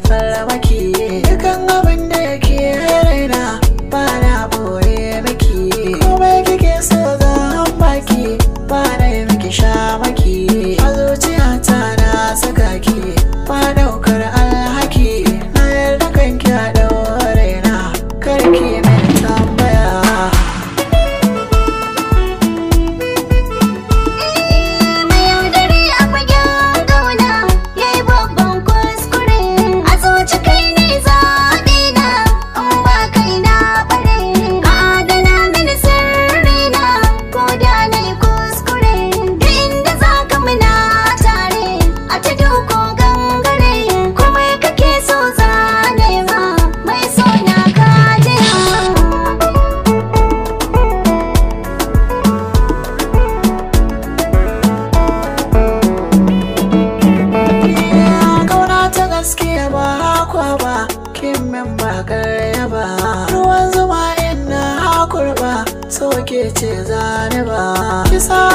falawaki sakar yaba ruwan zuma ina hakurba soke ce zane ba kisa